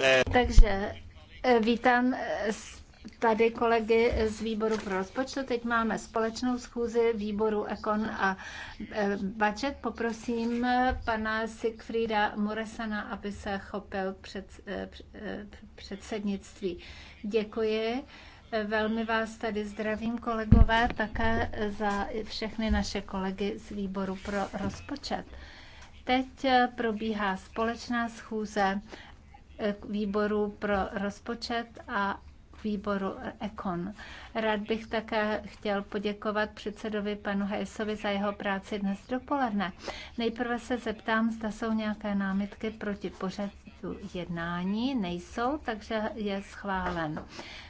Eh, Takže eh, vítám eh, tady kolegy z výboru pro rozpočet. Teď máme společnou schůzi výboru Ekon a Budget. Poprosím pana Sigfrida Muresana, aby se chopil před, předsednictví. Děkuji. Velmi vás tady zdravím, kolegové, také za všechny naše kolegy z výboru pro rozpočet. Teď eh, probíhá společná schůze eh, výboru pro rozpočet a výboru Ekon. Rád bych také chtěl poděkovat předsedovi panu Hejsovi za jeho práci dnes dopoledne. Nejprve se zeptám, zda jsou nějaké námitky proti pořadu jednání. Nejsou, takže je schválen.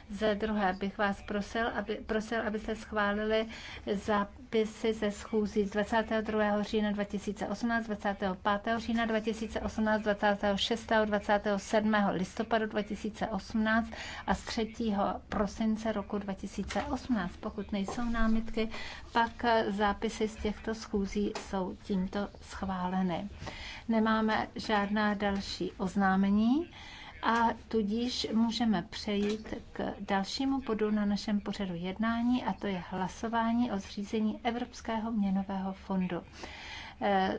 Ze druhé bych vás prosil, aby, prosil, abyste schválili za zápisy ze schůzí z 22. října 2018, 25. října 2018, 26. 27. listopadu 2018 a z 3. prosince roku 2018. Pokud nejsou námitky, pak zápisy z těchto schůzí jsou tímto schváleny. Nemáme žádná další oznámení a tudíž můžeme přejít k dalšímu bodu na našem pořadu jednání a to je hlasování o zřízení Evropského měnového fondu. Eh,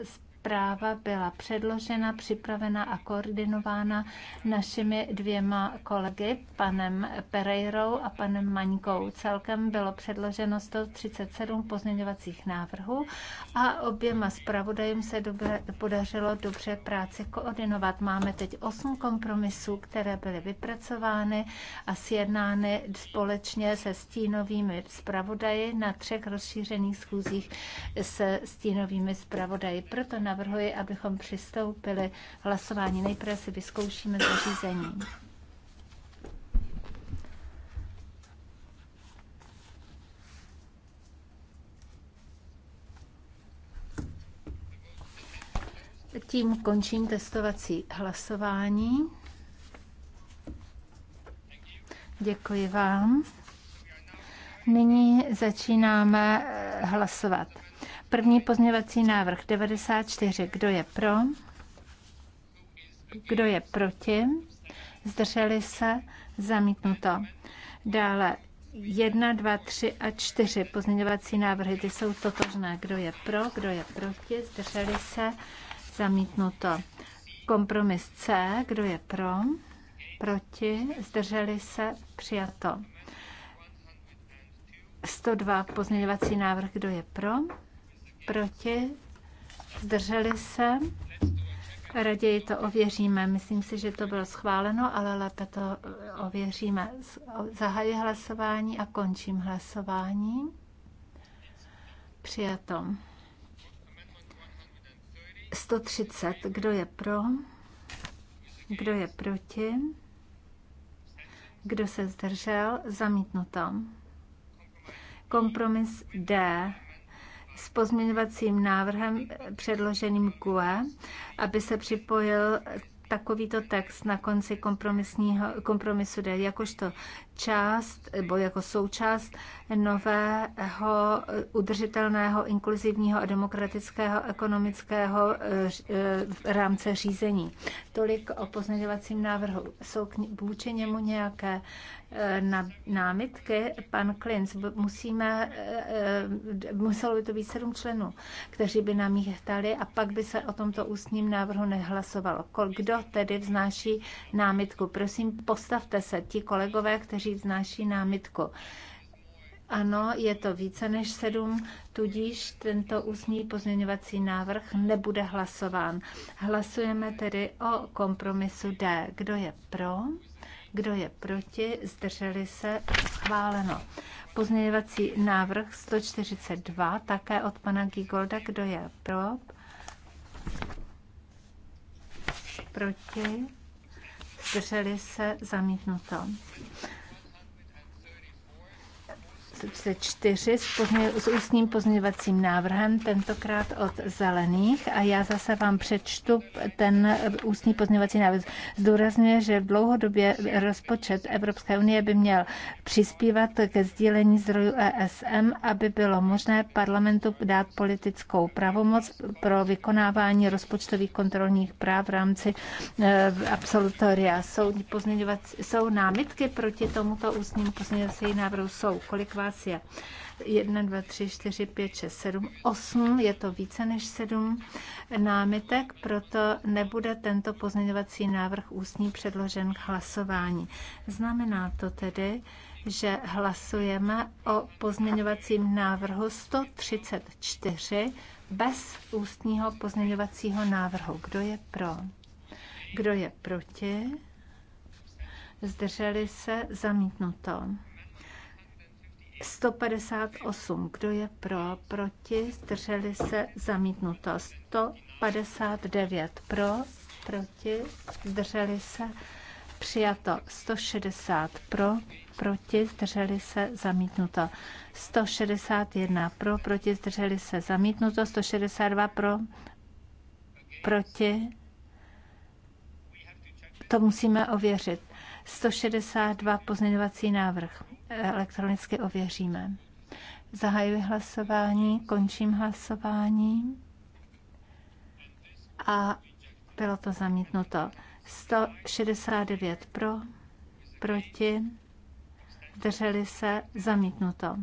zpráva byla předložena, připravena a koordinována našimi dvěma kolegy, panem Pereirou a panem Maňkou. Celkem bylo předloženo 137 pozměňovacích návrhů a oběma zpravodajům se dobře, podařilo dobře práci koordinovat. Máme teď 8 kompromisů, které byly vypracovány a sjednány společně se stínovými zpravodaji na třech rozšířených schůzích se stínovými zpravodaji. Proto na navrhuji, abychom přistoupili k hlasování. Nejprve si vyzkoušíme zařízení. Tím končím testovací hlasování. Děkuji vám. Nyní začínáme eh, hlasovat. První pozměvací návrh 94. Kdo je pro? Kdo je proti? Zdrželi se? Zamítnuto. Dále 1, 2, 3 a 4 pozměňovací návrhy, ty jsou totožné. Kdo je pro, kdo je proti, zdrželi se, zamítnuto. Kompromis C, kdo je pro, proti, zdrželi se, přijato. 102 pozměňovací návrh, kdo je pro, proti, zdrželi se. Raději to ověříme. Myslím si, že to bylo schváleno, ale lépe to eh, ověříme. Zahajuji hlasování a končím hlasování. Přijato. 130. Kdo je pro? Kdo je proti? Kdo se zdržel? Zamítnuto. Kompromis D s pozměňovacím návrhem předloženým QE, aby se připojil takovýto text na konci kompromisního, kompromisu jde jakožto část nebo jako součást nového udržitelného, inkluzivního a demokratického ekonomického eh, rámce řízení. Tolik o pozměňovacím návrhu. Jsou k, vůči němu nějaké eh, na, námitky? Pan Klinc, musíme, eh, muselo by to být sedm členů, kteří by nám jich a pak by se o tomto ústním návrhu nehlasovalo. Kdo tedy vznáší námitku? Prosím, postavte se ti kolegové, kteří vznáší námitku. Ano, je to více než sedm, tudíž tento ústní pozměňovací návrh nebude hlasován. Hlasujeme tedy o kompromisu D. Kdo je pro? Kdo je proti? Zdrželi se? Schváleno. Pozměňovací návrh 142, také od pana Gigolda. Kdo je pro? proti, zdrželi se, zamítnuto. 44 s, pozně, s ústním pozměňovacím návrhem, tentokrát od zelených. A já zase vám přečtu ten ústní pozměňovací návrh. Zdůrazňuje, že v dlouhodobě rozpočet Evropské unie by měl přispívat ke sdílení zdrojů ESM, aby bylo možné parlamentu dát politickou pravomoc pro vykonávání rozpočtových kontrolních práv v rámci eh, absolutoria. Jsou, jsou námitky proti tomuto ústnímu pozměňovacímu návrhu? Jsou. Kolik vás vás je 1, 2, 3, 4, 5, 6, 7, 8, je to více než 7 námitek, proto nebude tento pozměňovací návrh ústní předložen k hlasování. Znamená to tedy, že hlasujeme o pozměňovacím návrhu 134 bez ústního pozměňovacího návrhu. Kdo je pro? Kdo je proti? Zdrželi se zamítnuto. 158. Kdo je pro? Proti? Zdrželi se? Zamítnuto. 159. Pro? Proti? Zdrželi se? Přijato. 160. Pro? Proti? Zdrželi se? Zamítnuto. 161. Pro? Proti? Zdrželi se? Zamítnuto. 162. Pro? Proti? To musíme ověřit. 162 pozměňovací návrh. Elektronicky ověříme. Zahajuji hlasování, končím hlasování a bylo to zamítnuto. 169 pro, proti, Drželi se, zamítnuto.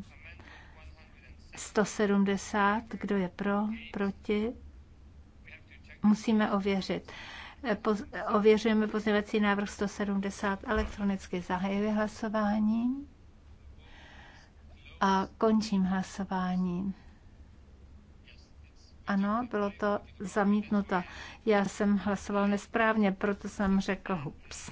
170, kdo je pro, proti, musíme ověřit. Ověřujeme pozměvací návrh 170 elektronicky. Zahajuji hlasování a končím hlasování. Ano, bylo to zamítnuto. Já jsem hlasoval nesprávně, proto jsem řekl hups.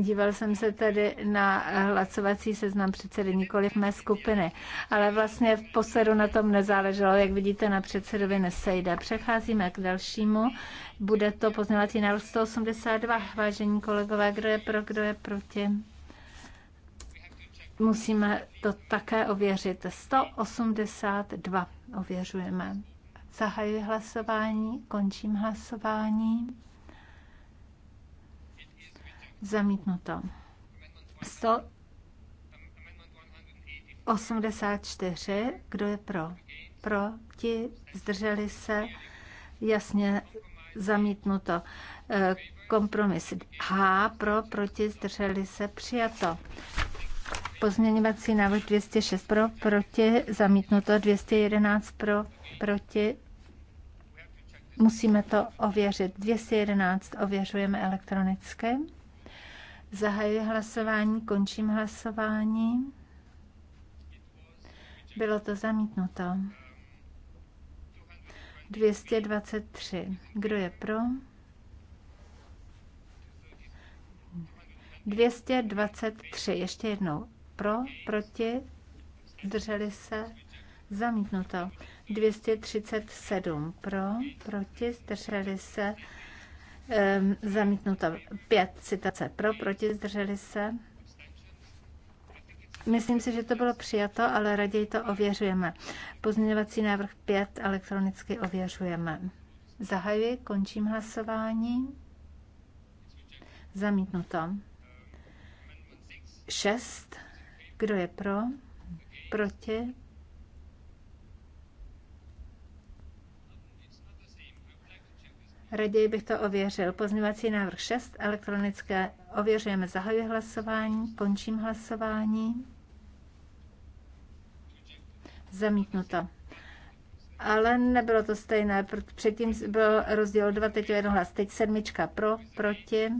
Díval jsem se tady na hlasovací seznam předsedy, nikoli v mé skupiny, ale vlastně v posledu na tom nezáleželo. Jak vidíte, na předsedovi nesejde. Přecházíme k dalšímu. Bude to poznávací návrh 182. Vážení kolegové, kdo je pro, kdo je proti? Musíme to také ověřit. 182 ověřujeme. Zahajuji hlasování, končím hlasování. Zamítnuto. 184. Kdo je pro? Proti? Zdrželi se? Jasně zamítnuto. Eh, kompromis H pro, proti, zdrželi se, přijato. Pozměňovací návrh 206 pro, proti, zamítnuto, 211 pro, proti. Musíme to ověřit. 211 ověřujeme elektronicky. Zahajuji hlasování, končím hlasování. Bylo to zamítnuto. 223. Kdo je pro? 223. Ještě jednou. Pro, proti, drželi se, zamítnuto. 237. Pro, proti, zdrželi se, Ehm, zamítnuto pět citace pro, proti zdrželi se. Myslím si, že to bylo přijato, ale raději to ověřujeme. Pozměňovací návrh 5 elektronicky ověřujeme. Zahajuji, končím hlasování. Zamítnuto. 6. Kdo je pro? Proti? Raději bych to ověřil. Pozměňovací návrh 6, elektronické. Ověřujeme, zahajuje hlasování, končím hlasování. Zamítnuto. Ale nebylo to stejné, předtím byl rozdíl 2, teď jeden hlas. Teď sedmička pro, proti.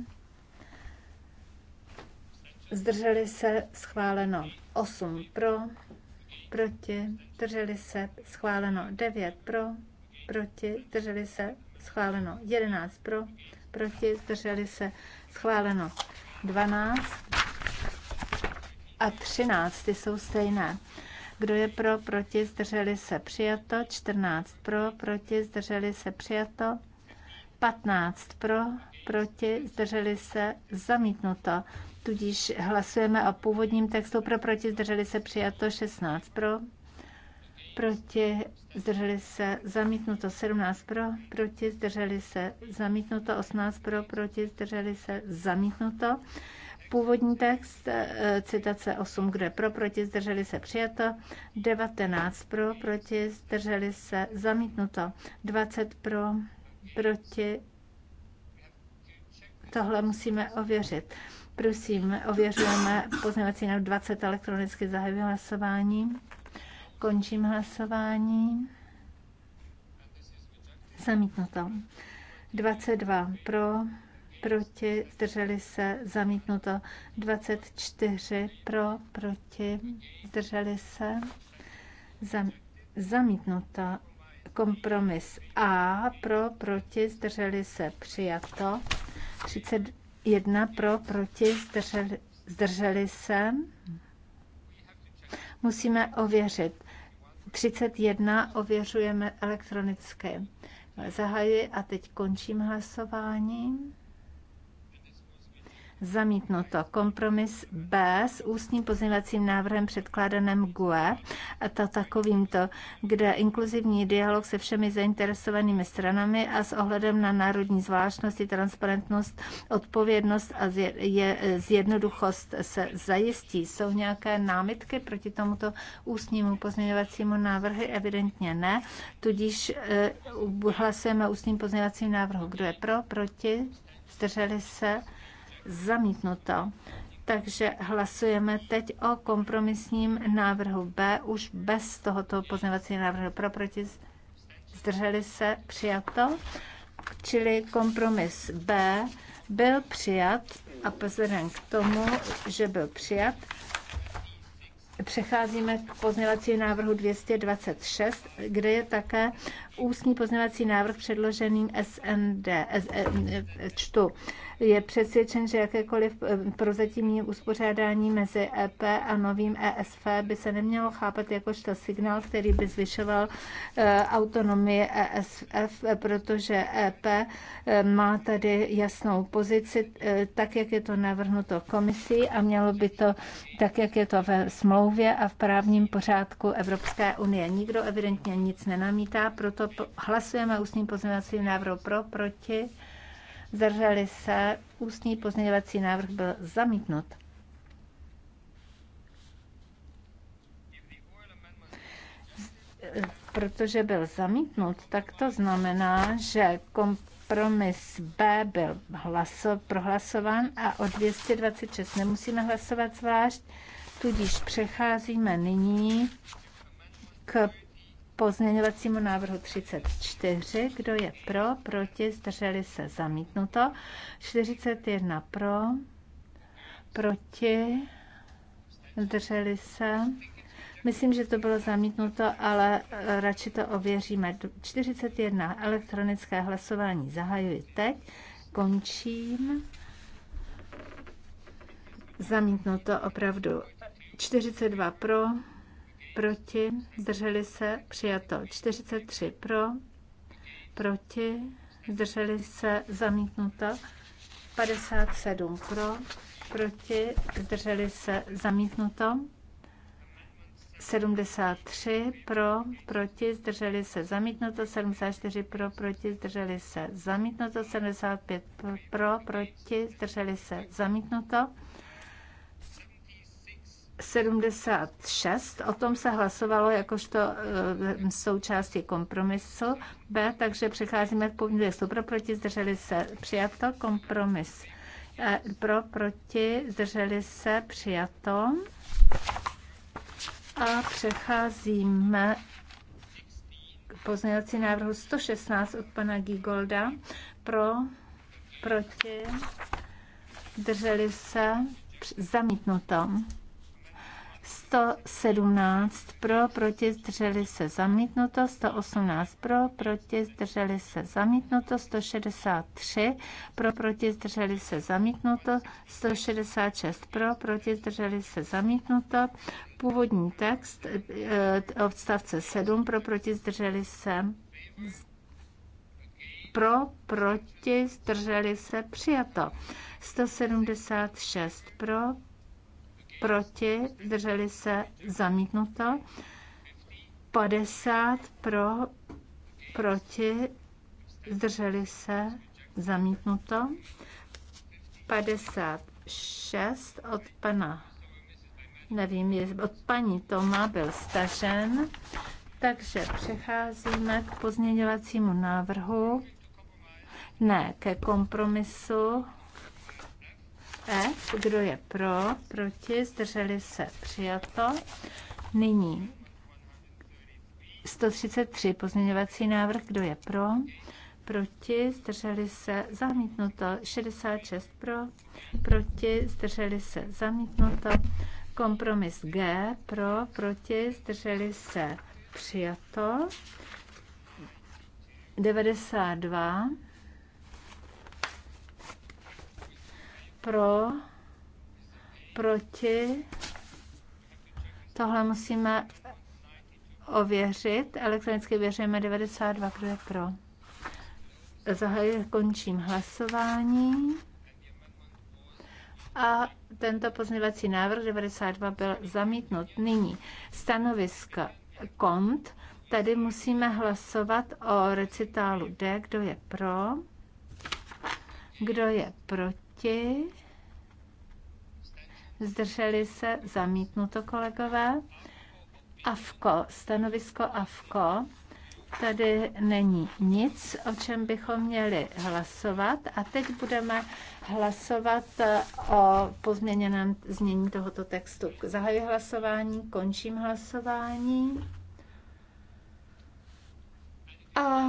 Zdrželi se, schváleno 8 pro, proti, Zdrželi se, schváleno 9 pro, proti, Zdrželi se, schváleno 11 pro, proti, zdrželi se, schváleno 12 a 13, ty jsou stejné. Kdo je pro, proti, zdrželi se, přijato, 14 pro, proti, zdrželi se, přijato, 15 pro, proti, zdrželi se, zamítnuto. Tudíž hlasujeme o původním textu pro, proti, zdrželi se, přijato, 16 pro, proti, zdrželi se, zamítnuto 17 pro, proti, zdrželi se, zamítnuto 18 pro, proti, zdrželi se, zamítnuto. Původní text, eh, citace 8, kde pro, proti, zdrželi se, přijato, 19 pro, proti, zdrželi se, zamítnuto, 20 pro, proti, tohle musíme ověřit. Prosím, ověřujeme pozměňovací návrh 20 elektronicky zahajujeme hlasování. Končím hlasování. Zamítnuto. 22 pro, proti, zdrželi se, zamítnuto. 24 pro, proti, zdrželi se, zam, zamítnuto. Kompromis A pro, proti, zdrželi se, přijato. 31 pro, proti, zdrželi, zdrželi se. Musíme ověřit. 31 ověřujeme elektronicky. Zahajuji a teď končím hlasování. Zamítnuto. Kompromis B s ústním pozměňovacím návrhem předkládaném GUE a to takovýmto, kde inkluzivní dialog se všemi zainteresovanými stranami a s ohledem na národní zvláštnosti, transparentnost, odpovědnost a zjednoduchost se zajistí. Jsou nějaké námitky proti tomuto ústnímu pozměňovacímu návrhu? Evidentně ne. Tudíž e, hlasujeme ústním pozměňovacím návrhu. Kdo je pro, proti? Zdrželi se? zamítnuto. Takže hlasujeme teď o kompromisním návrhu B už bez tohoto poznavacího návrhu. Pro proti zdrželi se přijato, čili kompromis B byl přijat a vzhledem k tomu, že byl přijat, Přecházíme k pozměvacímu návrhu 226, kde je také ústní pozměvací návrh předloženým SND. Eh, čtu je přesvědčen, že jakékoliv eh, prozatímní uspořádání mezi EP a novým ESF by se nemělo chápat jakožto signál, který by zvyšoval eh, autonomii ESF, protože EP eh, má tady jasnou pozici, tak jak je to navrhnuto komisí a mělo by to, tak jak je to ve smlouvě a v právním pořádku Evropské unie. Nikdo evidentně nic nenamítá, proto hlasujeme ústním pozměňovacím návrhu pro, proti zdrželi se, ústní pozměňovací návrh byl zamítnut. Protože byl zamítnut, tak to znamená, že kompromis B byl hlaso, prohlasován a o 226 nemusíme hlasovat zvlášť, tudíž přecházíme nyní k pozměňovacímu návrhu 34. Kdo je pro? Proti? Zdrželi se? Zamítnuto. 41 pro. Proti? Zdrželi se? Myslím, že to bylo zamítnuto, ale eh, radši to ověříme. 41 elektronické hlasování zahajuji teď. Končím. Zamítnuto opravdu 42 pro, proti, zdrželi se, přijato 43 pro, proti, zdrželi se, zamítnuto 57 pro, proti, zdrželi se, zamítnuto 73 pro, proti, zdrželi se, zamítnuto 74 pro, proti, zdrželi se, zamítnuto 75 pro, proti, zdrželi se, zamítnuto 76, o tom se hlasovalo jakožto eh, součástí kompromisu B, takže přecházíme k původnímu textu. Pro, proti, zdrželi se, přijato, kompromis. Eh, pro, proti, zdrželi se, přijato. A přecházíme k pozměňovací návrhu 116 od pana Gigolda. Pro, proti, zdrželi se, zamítnuto. 117 pro, proti, zdrželi se zamítnuto, 118 pro, proti, zdrželi se zamítnuto, 163 pro, proti, zdrželi se zamítnuto, 166 pro, proti, zdrželi se zamítnuto, původní text eh, odstavce 7 pro, proti, zdrželi se pro, proti, zdrželi se přijato, 176 pro, proti, zdrželi se zamítnuto, 50 pro, proti, zdrželi se zamítnuto, 56 od pana, nevím, je, od paní Toma byl stažen, takže přecházíme k pozměňovacímu návrhu, ne, ke kompromisu F, kdo je pro, proti, zdrželi se, přijato. Nyní 133 pozměňovací návrh, kdo je pro, proti, zdrželi se, zamítnuto. 66 pro, proti, zdrželi se, zamítnuto. Kompromis G, pro, proti, zdrželi se, přijato. 92 pro, proti. Tohle musíme ověřit. Elektronicky věříme 92, kdo je pro. Zahaj, končím hlasování. A tento pozměvací návrh 92 byl zamítnut. Nyní stanoviska kont. Tady musíme hlasovat o recitálu D. Kdo je pro? Kdo je proti? Proti? Zdrželi se? Zamítnuto, kolegové. AFKO, stanovisko AFKO. Tady není nic, o čem bychom měli hlasovat. A teď budeme hlasovat eh, o pozměněném znění tohoto textu. Zahajuji hlasování, končím hlasování.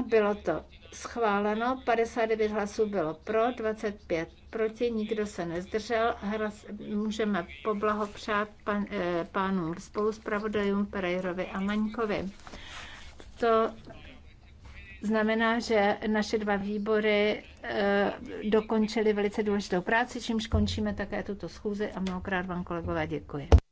bylo to schváleno, 59 hlasů bylo pro, 25 proti, nikdo se nezdržel. Hlas, můžeme poblahopřát pan, eh, pánům spoluspravodajům Perejrovi a Maňkovi. To znamená, že naše dva výbory e, eh, dokončily velice důležitou práci, čímž končíme také tuto schůzi a mnohokrát vám kolegové děkuji.